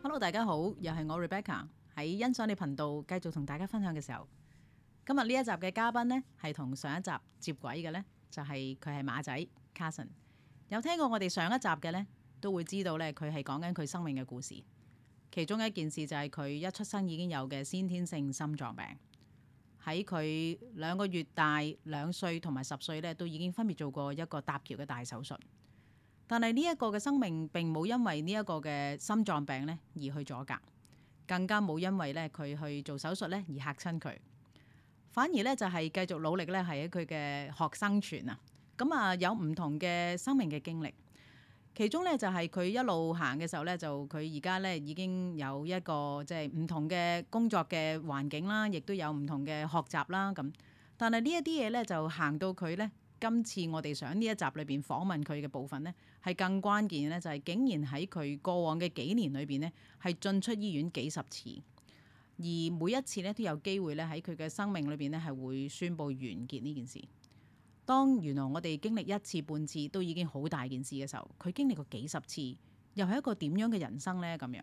Hello，大家好，又係我 Rebecca，喺欣賞你頻道，繼續同大家分享嘅時候，今日呢一集嘅嘉賓呢係同上一集接軌嘅呢，就係佢係馬仔 Carson。有聽過我哋上一集嘅呢，都會知道呢，佢係講緊佢生命嘅故事，其中一件事就係佢一出生已經有嘅先天性心臟病。喺佢兩個月大、兩歲同埋十歲咧，都已經分別做過一個搭橋嘅大手術。但係呢一個嘅生命並冇因為呢一個嘅心臟病咧而去阻隔，更加冇因為咧佢去做手術咧而嚇親佢。反而咧就係繼續努力咧，係喺佢嘅學生存啊。咁啊，有唔同嘅生命嘅經歷。其中咧就係佢一路行嘅時候咧，就佢而家咧已經有一個即係唔同嘅工作嘅環境啦，亦都有唔同嘅學習啦咁。但係呢一啲嘢咧，就行到佢咧，今次我哋想呢一集裏邊訪問佢嘅部分咧，係更關鍵咧，就係竟然喺佢過往嘅幾年裏邊咧，係進出醫院幾十次，而每一次咧都有機會咧喺佢嘅生命裏邊咧係會宣布完結呢件事。當原來我哋經歷一次半次都已經好大件事嘅時候，佢經歷過幾十次，又係一個點樣嘅人生呢？咁樣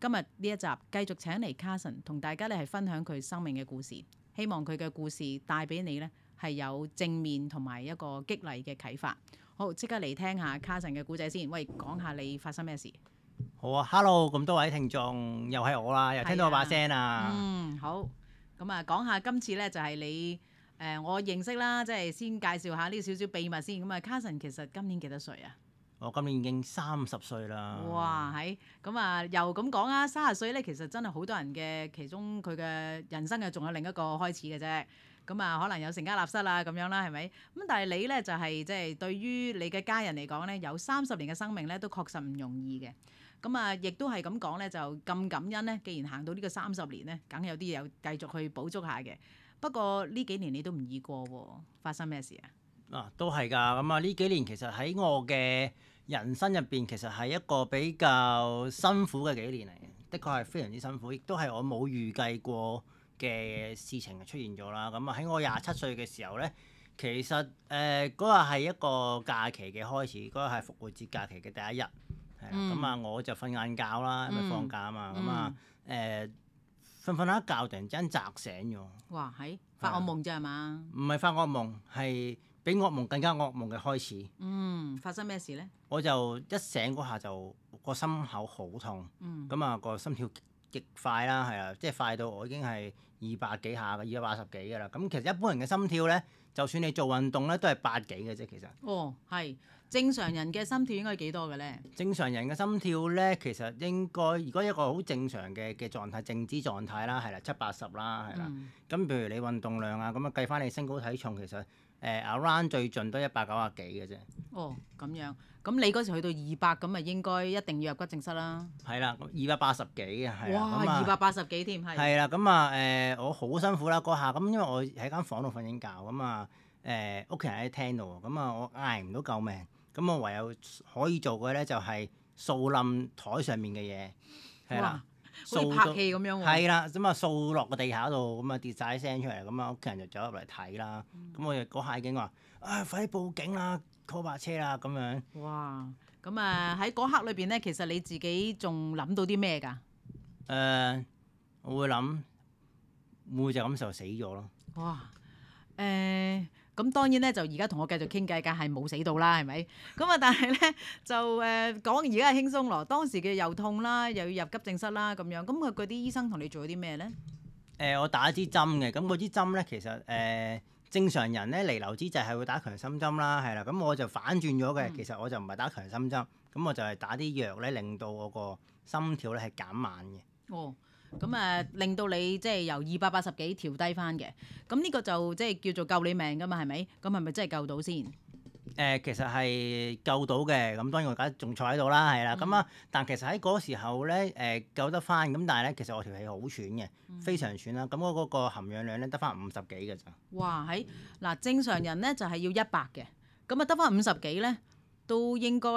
今日呢一集繼續請嚟卡森同大家咧係分享佢生命嘅故事，希望佢嘅故事帶俾你咧係有正面同埋一個激勵嘅啟發。好，即刻嚟聽下卡森嘅故仔先。喂，講下你發生咩事？好啊，Hello，咁多位聽眾又係我啦，又聽到我把聲啊。嗯，好。咁啊，講下今次咧就係你。誒、呃，我認識啦，即係先介紹下呢少少秘密先。咁啊，Carson 其實今年幾多歲啊？我今年已經三十歲啦。哇！係咁啊，又咁講啊，三十歲咧，其實真係好多人嘅其中佢嘅人生嘅仲有另一個開始嘅啫。咁啊，可能有成家立室啦、啊，咁樣啦、啊，係咪？咁但係你咧就係即係對於你嘅家人嚟講咧，有三十年嘅生命咧，都確實唔容易嘅。咁啊，亦都係咁講咧，就咁感恩咧。既然行到個呢個三十年咧，梗有啲嘢繼續去補足下嘅。不過呢幾年你都唔易過喎，發生咩事啊？啊，都係㗎，咁啊呢幾年其實喺我嘅人生入邊，其實係一個比較辛苦嘅幾年嚟嘅，的確係非常之辛苦，亦都係我冇預計過嘅事情出現咗啦。咁啊喺我廿七歲嘅時候咧，其實誒嗰日係一個假期嘅開始，嗰個係復活節假期嘅第一日，係、嗯、啊，咁啊我就瞓晏覺啦，因為放假啊嘛，咁啊誒。瞓瞓下一覺，突然之間窒醒咗。哇！係發惡夢咋？係嘛？唔係發惡夢，係比惡夢更加惡夢嘅開始。嗯，發生咩事咧？我就一醒嗰下就個心口好痛，咁啊個心跳極快啦，係啊，即係快到我已經係二百幾下嘅，二百八十幾嘅啦。咁其實一般人嘅心跳咧，就算你做運動咧，都係百幾嘅啫。其實哦，係。正常人嘅心跳應該係幾多嘅咧？正常人嘅心跳咧，其實應該如果一個好正常嘅嘅狀態，靜止狀態啦，係啦，七八十啦，係啦。咁、嗯、譬如你運動量啊，咁啊計翻你身高體重，其實誒阿、呃、around 最盡都一百九啊幾嘅啫。哦，咁樣。咁你嗰時去到二百，咁啊應該一定要入急症室啦。係啦，二百八十幾嘅。啦哇，二百八十幾添，係。係啦，咁啊誒，我好辛苦啦，嗰下。咁因為我喺間房度瞓緊覺，咁啊誒屋企人喺廳度，咁、嗯、啊我嗌唔到救命。咁我唯有可以做嘅咧，就係哇掃冧台上面嘅嘢，係啦，掃拍戲咁樣。係啦，咁啊掃落個地下度，咁啊跌晒啲聲出嚟，咁啊屋企人就走入嚟睇啦。咁、嗯、我哋嗰下已經話，哎、啊，快啲報警啦，call 白車啦，咁樣。哇！咁啊喺嗰刻裏邊咧，其實你自己仲諗到啲咩㗎？誒、呃，我會諗，會就咁就死咗咯。哇！誒、呃。咁當然咧，就而家同我繼續傾偈，梗係冇死到啦，係咪？咁啊，但係咧就誒講而家係輕鬆咯。當時嘅又痛啦，又要入急症室啦咁樣。咁佢嗰啲醫生同你做咗啲咩咧？誒、呃，我打支針嘅。咁嗰支針咧，其實誒、呃、正常人咧彌留之際係會打強心針啦，係啦。咁我就反轉咗嘅，嗯、其實我就唔係打強心針，咁我就係打啲藥咧，令到我個心跳咧係減慢嘅。哦。咁啊，嗯嗯、令到你即係由二百八十幾調低翻嘅，咁呢個就即係叫做救你命噶嘛，係咪？咁係咪真係救到先？誒、呃，其實係救到嘅，咁當然我而家仲坐喺度啦，係啦，咁啊、嗯呃，但其實喺嗰時候咧，誒救得翻，咁但係咧，其實我條氣好喘嘅，非常喘啦，咁我嗰個含氧量咧得翻五十幾噶咋？哇，喺嗱正常人咧就係要一百嘅，咁啊得翻五十幾咧，都應該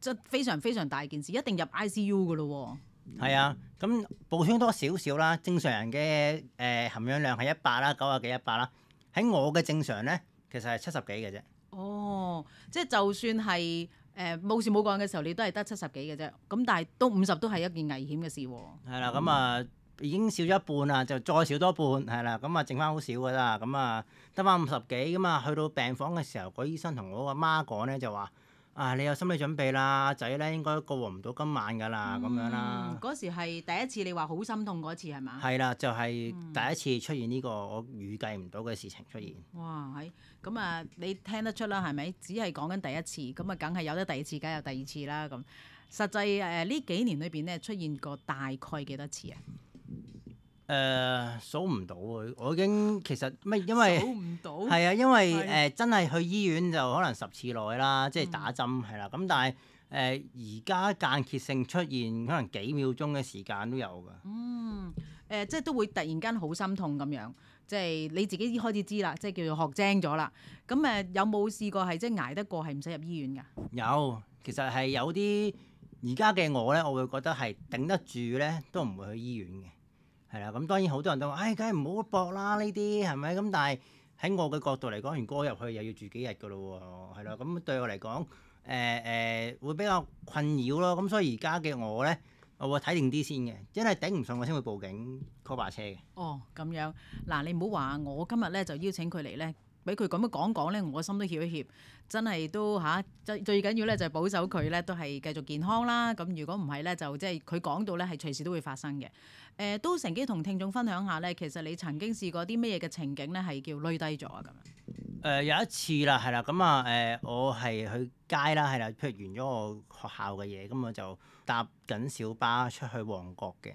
即非常非常大件事，一定入 I C U 噶咯喎。係啊，咁補充多少少啦，正常人嘅誒、呃、含氧量係一百啦，九啊幾一百啦。喺我嘅正常咧，其實係七十幾嘅啫。哦，即係就算係誒冇事冇講嘅時候，你都係得七十幾嘅啫。咁但係都五十都係一件危險嘅事喎、啊。係啦，咁啊、嗯、已經少咗一半啦，就再少多一半係啦，咁啊剩翻好少㗎啦，咁啊得翻五十幾咁啊，去、嗯、到病房嘅時候，個醫生同我阿媽講咧就話。啊！你有心理準備啦，仔咧應該過唔到今晚㗎啦，咁、嗯、樣啦。嗰時係第一次，你話好心痛嗰次係嘛？係啦，就係、是、第一次出現呢個我預計唔到嘅事情出現。嗯嗯、哇！係咁啊，你聽得出啦，係咪？只係講緊第一次，咁啊，梗係有得第二次，梗有第二次啦。咁實際誒呢、呃、幾年裏邊咧，出現過大概幾多次啊？誒、呃、數唔到喎，我已經其實咩，因為數唔到係啊，因為誒是、呃、真係去醫院就可能十次內啦，即、就、係、是、打針係啦。咁、嗯啊、但係誒而家間歇性出現，可能幾秒鐘嘅時間都有㗎。嗯誒、呃，即係都會突然間好心痛咁樣，即係你自己開始知啦，即係叫做學精咗啦。咁誒有冇試過係即係捱得過，係唔使入醫院㗎？有其實係有啲而家嘅我咧，我會覺得係頂得住咧，都唔會去醫院嘅。係啦，咁、嗯、當然好多人都話，唉、哎，梗係唔好搏啦，呢啲係咪？咁但係喺我嘅角度嚟講，完歌入去又要住幾日㗎咯喎，係咯，咁、嗯嗯嗯、對我嚟講，誒、呃、誒、呃、會比較困擾咯。咁、嗯、所以而家嘅我咧，我會睇定啲先嘅，真係頂唔順我先會報警 call 把車嘅。哦，咁樣嗱，你唔好話我今日咧就邀請佢嚟咧。俾佢咁樣講講咧，我心都怯一怯，真係都吓、啊。最最緊要咧就係保守佢咧，都係繼續健康啦。咁如果唔係咧，就即係佢講到咧，係隨時都會發生嘅。誒、呃，都乘機同聽眾分享下咧，其實你曾經試過啲咩嘢嘅情景咧，係叫累低咗啊咁樣。誒，有一次啦，係啦，咁啊，誒，我係去街啦，係啦，譬如完咗我學校嘅嘢，咁我就搭緊小巴出去旺角嘅。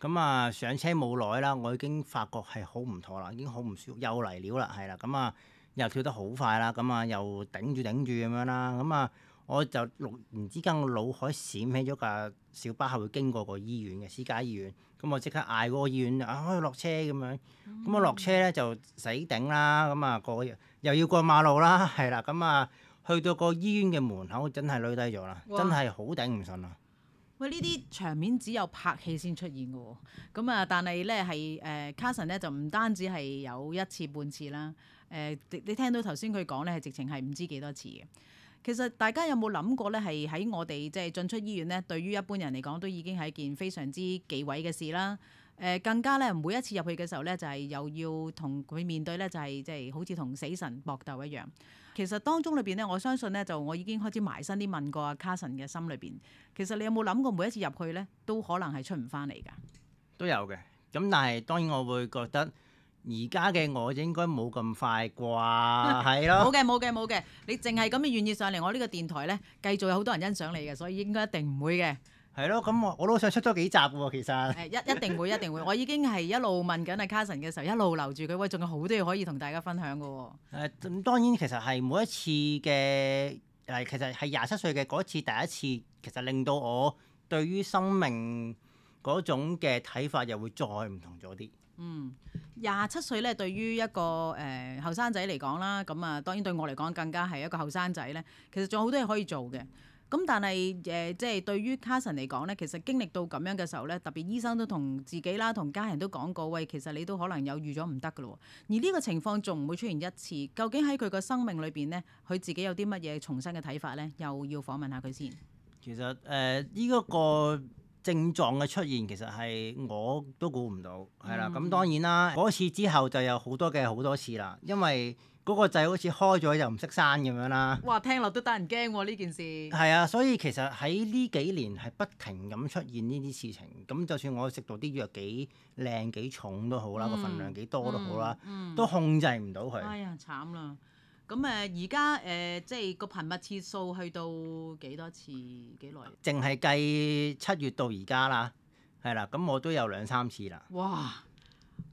咁啊，上車冇耐啦，我已經發覺係好唔妥啦，已經好唔舒服，又嚟了啦，係啦，咁啊，又跳得好快啦，咁啊，又頂住頂住咁樣啦，咁啊，我就突然之間我腦海閃起咗架小巴係會經過個醫院嘅私家醫院，咁我即刻嗌嗰個醫院啊，可以落車咁樣，咁我落車咧就死頂啦，咁啊過又要過馬路啦，係啦，咁啊去到個醫院嘅門口真係累低咗啦，真係好哇頂唔順啊！喂，呢啲場面只有拍戲先出現嘅喎，咁啊，但係咧係誒，Carson 咧就唔單止係有一次半次啦，誒、呃，你聽到頭先佢講咧係直情係唔知幾多次嘅。其實大家有冇諗過咧，係喺我哋即係進出醫院咧，對於一般人嚟講都已經係件非常之忌諱嘅事啦。誒、呃，更加咧每一次入去嘅時候咧，就係、是、又要同佢面對咧，就係即係好似同死神搏鬥一樣。其實當中裏邊咧，我相信咧就我已經開始埋身啲問過阿卡神嘅心裏邊。其實你有冇諗過每一次入去咧，都可能係出唔翻嚟㗎？都有嘅。咁但係當然我會覺得而家嘅我應該冇咁快啩，係咯？冇嘅，冇嘅，冇嘅。你淨係咁樣願意上嚟我呢個電台咧，繼續有好多人欣賞你嘅，所以應該一定唔會嘅。係咯，咁我我都想出咗幾集喎、哦，其實。係一、嗯、一定會一定會，我已經係一路問緊阿卡神嘅時候，一路留住佢，喂，仲有好多嘢可以同大家分享㗎喎、哦。咁、嗯、當然其實係每一次嘅誒，其實係廿七歲嘅嗰一次第一次，其實令到我對於生命嗰種嘅睇法又會再唔同咗啲。嗯，廿七歲咧，對於一個誒後生仔嚟講啦，咁、呃、啊，當然對我嚟講更加係一個後生仔咧，其實仲有好多嘢可以做嘅。咁、嗯、但係誒、呃，即係對於卡神嚟講咧，其實經歷到咁樣嘅時候咧，特別醫生都同自己啦，同家人都講過，喂，其實你都可能有預咗唔得嘅咯。而呢個情況仲唔會出現一次？究竟喺佢嘅生命裏邊咧，佢自己有啲乜嘢重新嘅睇法咧？又要訪問下佢先。其實誒，呢、呃、一、這個症狀嘅出現，其實係我都估唔到，係、嗯、啦。咁當然啦，嗰次之後就有好多嘅好多次啦，因為。嗰個掣好似開咗又唔識閂咁樣啦。哇！聽落都得人驚喎呢件事。係啊，所以其實喺呢幾年係不停咁出現呢啲事情。咁就算我食到啲藥幾靚幾重都好啦，嗯、個分量幾多，多都好啦，嗯嗯、都控制唔到佢。哎呀，慘啦！咁誒而家誒即係個頻密次數去到幾多次？幾耐？淨係計七月到而家啦，係啦。咁我都有兩三次啦。哇！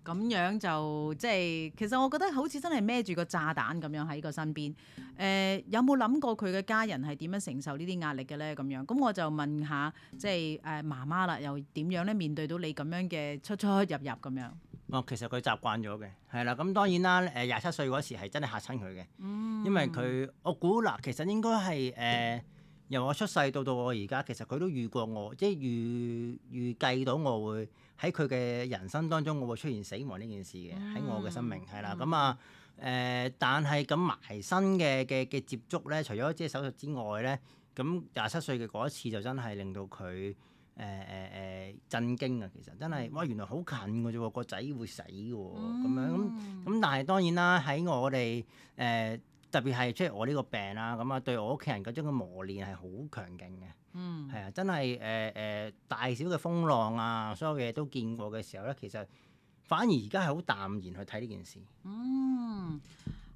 咁樣就即係其實我覺得好似真係孭住個炸彈咁樣喺個身邊。誒、呃、有冇諗過佢嘅家人係點樣承受呢啲壓力嘅咧？咁樣咁我就問下，即係誒、呃、媽媽啦，又點樣咧面對到你咁樣嘅出出入入咁樣？哦，其實佢習慣咗嘅，係啦。咁當然啦，誒廿七歲嗰時係真係嚇親佢嘅，嗯、因為佢我估嗱，其實應該係誒、呃、由我出世到到我而家，其實佢都預過我，即係預預計到我會。喺佢嘅人生當中，我會出現死亡呢件事嘅。喺、嗯、我嘅生命係啦，咁啊，誒、嗯嗯，但係咁埋身嘅嘅嘅接觸咧，除咗即係手術之外咧，咁廿七歲嘅嗰一次就真係令到佢誒誒誒震驚啊！其實真係，哇，原來好近㗎啫喎，個仔會死㗎喎，咁、嗯、樣咁咁，但係當然啦，喺我哋誒、呃、特別係即係我呢個病啦，咁、嗯、啊，對我屋企人嗰種嘅磨練係好強勁嘅。嗯，係啊，真係誒誒大小嘅風浪啊，所有嘢都見過嘅時候咧，其實反而而家係好淡然去睇呢件事。嗯，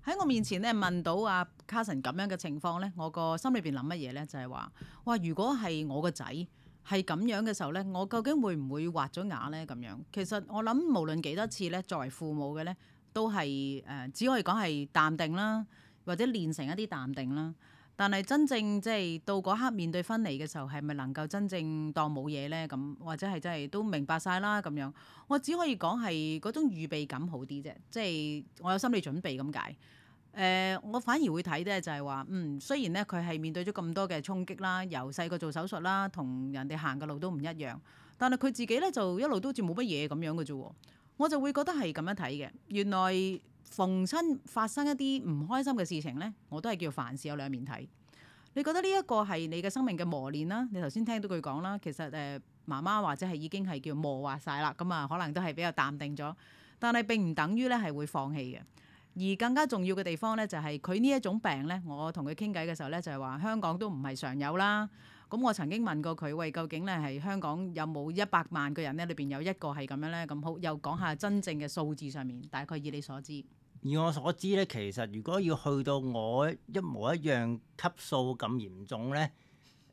喺我面前咧問到阿卡神咁樣嘅情況咧，我個心裏邊諗乜嘢咧？就係、是、話，哇！如果係我個仔係咁樣嘅時候咧，我究竟會唔會畫咗牙咧？咁樣其實我諗無論幾多次咧，作為父母嘅咧，都係誒、呃、只可以講係淡定啦，或者練成一啲淡定啦。但係真正即係到嗰刻面對分離嘅時候，係咪能夠真正當冇嘢咧？咁或者係真係都明白晒啦咁樣，我只可以講係嗰種預備感好啲啫，即係我有心理準備咁解。誒、呃，我反而會睇咧就係、是、話，嗯，雖然咧佢係面對咗咁多嘅衝擊啦，由細個做手術啦，同人哋行嘅路都唔一樣，但係佢自己咧就一路都好似冇乜嘢咁樣嘅啫喎，我就會覺得係咁樣睇嘅，原來。逢親發生一啲唔開心嘅事情咧，我都係叫凡事有兩面睇。你覺得呢一個係你嘅生命嘅磨練啦。你頭先聽到佢講啦，其實誒媽媽或者係已經係叫磨滑晒啦，咁、嗯、啊可能都係比較淡定咗，但係並唔等於咧係會放棄嘅。而更加重要嘅地方咧，就係佢呢一種病咧，我同佢傾偈嘅時候咧，就係話香港都唔係常有啦。咁、嗯、我曾經問過佢，喂，究竟咧係香港有冇一百萬個人咧，裏邊有一個係咁樣咧？咁、嗯、好又講下真正嘅數字上面，大概以你所知。以我所知咧，其實如果要去到我一模一樣級數咁嚴重咧，誒、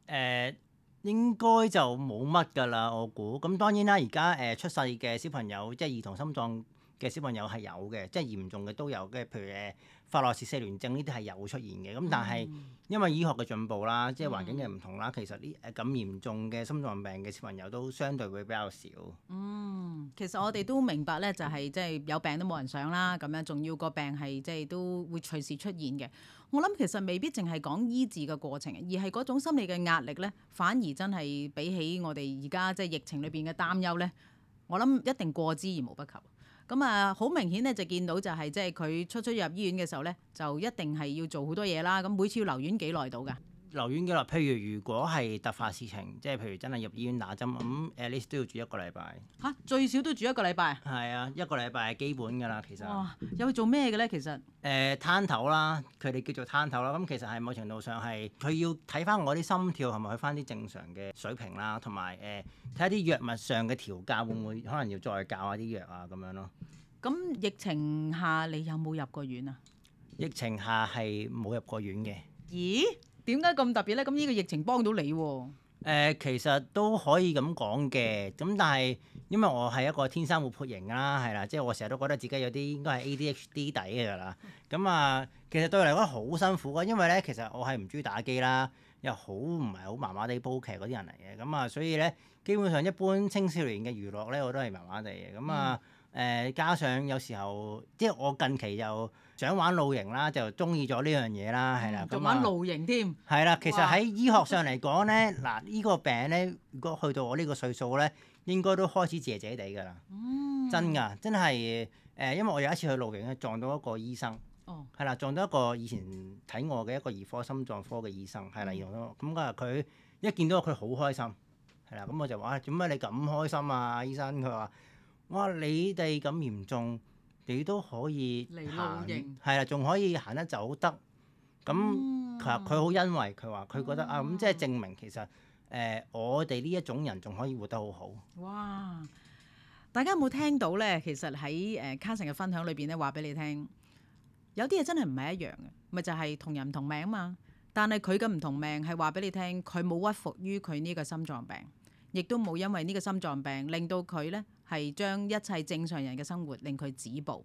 呃、應該就冇乜㗎啦。我估咁、嗯、當然啦，而家誒出世嘅小朋友即係、就是、兒童心臟嘅小朋友係有嘅，即係嚴重嘅都有嘅。譬如誒法洛氏四聯症呢啲係有出現嘅。咁、嗯、但係因為醫學嘅進步啦，即係環境嘅唔同啦，嗯、其實呢誒咁嚴重嘅心臟病嘅小朋友都相對會比較少。嗯，其實我哋都明白咧，就係即係有病都冇人想啦。咁樣仲要個病係即係都會隨時出現嘅。我諗其實未必淨係講醫治嘅過程，而係嗰種心理嘅壓力咧，反而真係比起我哋而家即係疫情裏邊嘅擔憂咧，我諗一定過之而無不及。咁啊，好明顯咧，就見到就係，即係佢出出入醫院嘅時候咧，就一定係要做好多嘢啦。咁每次要留院幾耐到噶？留院嘅話，譬如如果係突發事情，即係譬如真係入醫院打針，咁 at least 都要住一個禮拜。嚇、啊、最少都住一個禮拜？係啊，一個禮拜係基本㗎啦，其實。哇、哦！有冇做咩嘅咧？其實誒，攤頭啦，佢哋叫做攤頭啦。咁其實係某程度上係佢要睇翻我啲心跳係咪去翻啲正常嘅水平啦，同埋誒睇下啲藥物上嘅調教會唔會可能要再教下啲藥啊咁樣咯。咁、嗯、疫情下你有冇入過院啊？疫情下係冇入過院嘅。咦？點解咁特別咧？咁呢個疫情幫到你喎、啊？誒、呃，其實都可以咁講嘅。咁但係因為我係一個天生活潑型啦，係啦，即係我成日都覺得自己有啲應該係 ADHD 底嘅啦。咁啊，其實對我嚟講好辛苦嘅，因為咧，其實我係唔中意打機啦，又好唔係好麻麻地煲劇嗰啲人嚟嘅。咁啊，所以咧，基本上一般青少年嘅娛樂咧，我都係麻麻地嘅。咁啊，誒、嗯呃，加上有時候，即係我近期又想玩露營啦，就中意咗呢樣嘢啦，係啦，仲玩露營添，係啦，其實喺醫學上嚟講咧，嗱呢哇喇、呢個病咧，如果去到我呢個歲數咧，應該都開始謝謝地㗎啦，真㗎，真係誒，因為我有一次去露營咧，撞到一個醫生，哦，係啦，撞到一個以前睇我嘅一個兒科心臟科嘅醫生，係啦，咁啊佢一見到佢好開心，係啦，咁我就話：啊，做咩你咁開心啊，醫生？佢話：哇，你哋咁嚴重。你都可以行，係啦，仲可以行得走得，咁其實佢好欣慰，佢話佢覺得、嗯、啊，咁即係證明其實誒、呃、我哋呢一種人仲可以活得好好。哇！大家有冇聽到咧？其實喺誒、呃、卡森嘅分享裏邊咧，話俾你聽，有啲嘢真係唔係一樣嘅，咪就係、是、同人唔同命嘛。但係佢嘅唔同命係話俾你聽，佢冇屈服於佢呢個心臟病。亦都冇因為呢個心臟病令到佢咧係將一切正常人嘅生活令佢止步。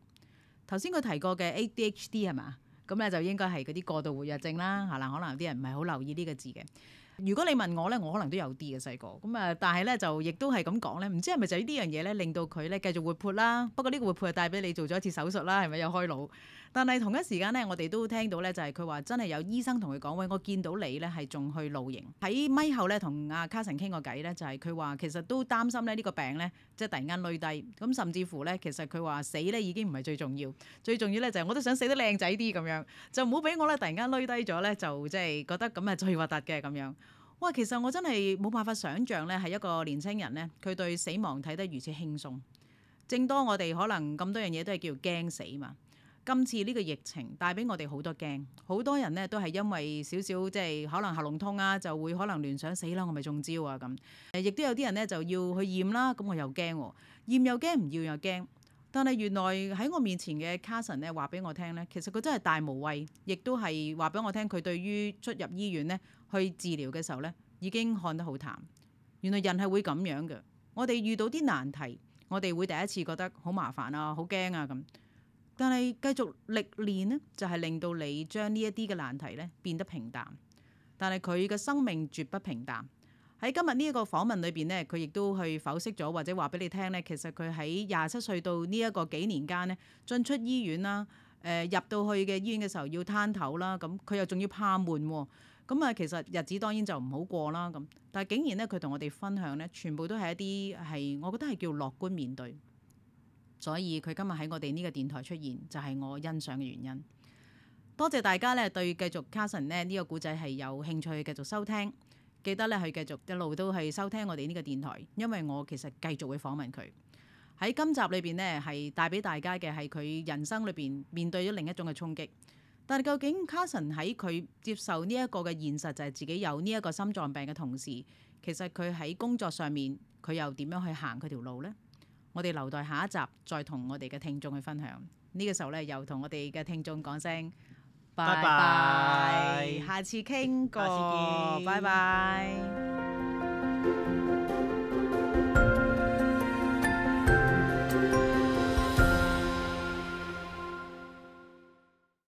頭先佢提過嘅 ADHD 係嘛？咁咧就應該係嗰啲過度活躍症啦，係啦，可能有啲人唔係好留意呢個字嘅。如果你問我咧，我可能都有啲嘅細個。咁啊，但係咧就亦都係咁講咧，唔知係咪就呢樣嘢咧令到佢咧繼續活潑啦？不過呢個活潑係帶俾你做咗一次手術啦，係咪有開腦？但係同一時間咧，我哋都聽到咧，就係佢話真係有醫生同佢講，喂，我見到你咧係仲去露營。喺咪後咧，同阿卡神傾個偈咧，就係佢話其實都擔心咧呢個病咧，即係突然間累低。咁甚至乎咧，其實佢話死咧已經唔係最重要，最重要咧就係我都想死得靚仔啲咁樣，就唔好俾我咧突然間累低咗咧，就即係覺得咁係最核突嘅咁樣。哇，其實我真係冇辦法想像咧，係一個年青人咧，佢對死亡睇得如此輕鬆。正當我哋可能咁多樣嘢都係叫驚死嘛。今次呢個疫情帶俾我哋好多驚，好多人呢都係因為少少即係可能喉嚨痛啊，就會可能聯想死啦，我咪中招啊咁。亦都有啲人呢就要去驗啦，咁我又驚喎，驗又驚，唔要又驚。但係原來喺我面前嘅卡森呢話俾我聽呢，其實佢真係大無畏，亦都係話俾我聽，佢對於出入醫院呢去治療嘅時候呢已經看得好淡。原來人係會咁樣嘅。我哋遇到啲難題，我哋會第一次覺得好麻煩啊，好驚啊咁。但係繼續歷練咧，就係、是、令到你將呢一啲嘅難題咧變得平淡。但係佢嘅生命絕不平淡。喺今日呢一個訪問裏邊咧，佢亦都去剖析咗，或者話俾你聽咧，其實佢喺廿七歲到呢一個幾年間咧，進出醫院啦，誒、呃、入到去嘅醫院嘅時候要攤頭啦，咁佢又仲要怕悶喎，咁啊其實日子當然就唔好過啦咁。但係竟然咧，佢同我哋分享咧，全部都係一啲係，我覺得係叫樂觀面對。所以佢今日喺我哋呢個電台出現，就係我欣賞嘅原因。多謝大家咧，對繼續 Casson 咧呢個故仔係有興趣繼續收聽。記得咧去繼續一路都係收聽我哋呢個電台，因為我其實繼續會訪問佢喺今集裏邊呢，係帶俾大家嘅係佢人生裏邊面面對咗另一種嘅衝擊。但係究竟 Casson 喺佢接受呢一個嘅現實就係自己有呢一個心臟病嘅同時，其實佢喺工作上面佢又點樣去行佢條路呢？我哋留待下一集再同我哋嘅聽眾去分享。呢個時候咧，又同我哋嘅聽眾講聲拜拜，拜拜，下次傾過，下次見，拜拜。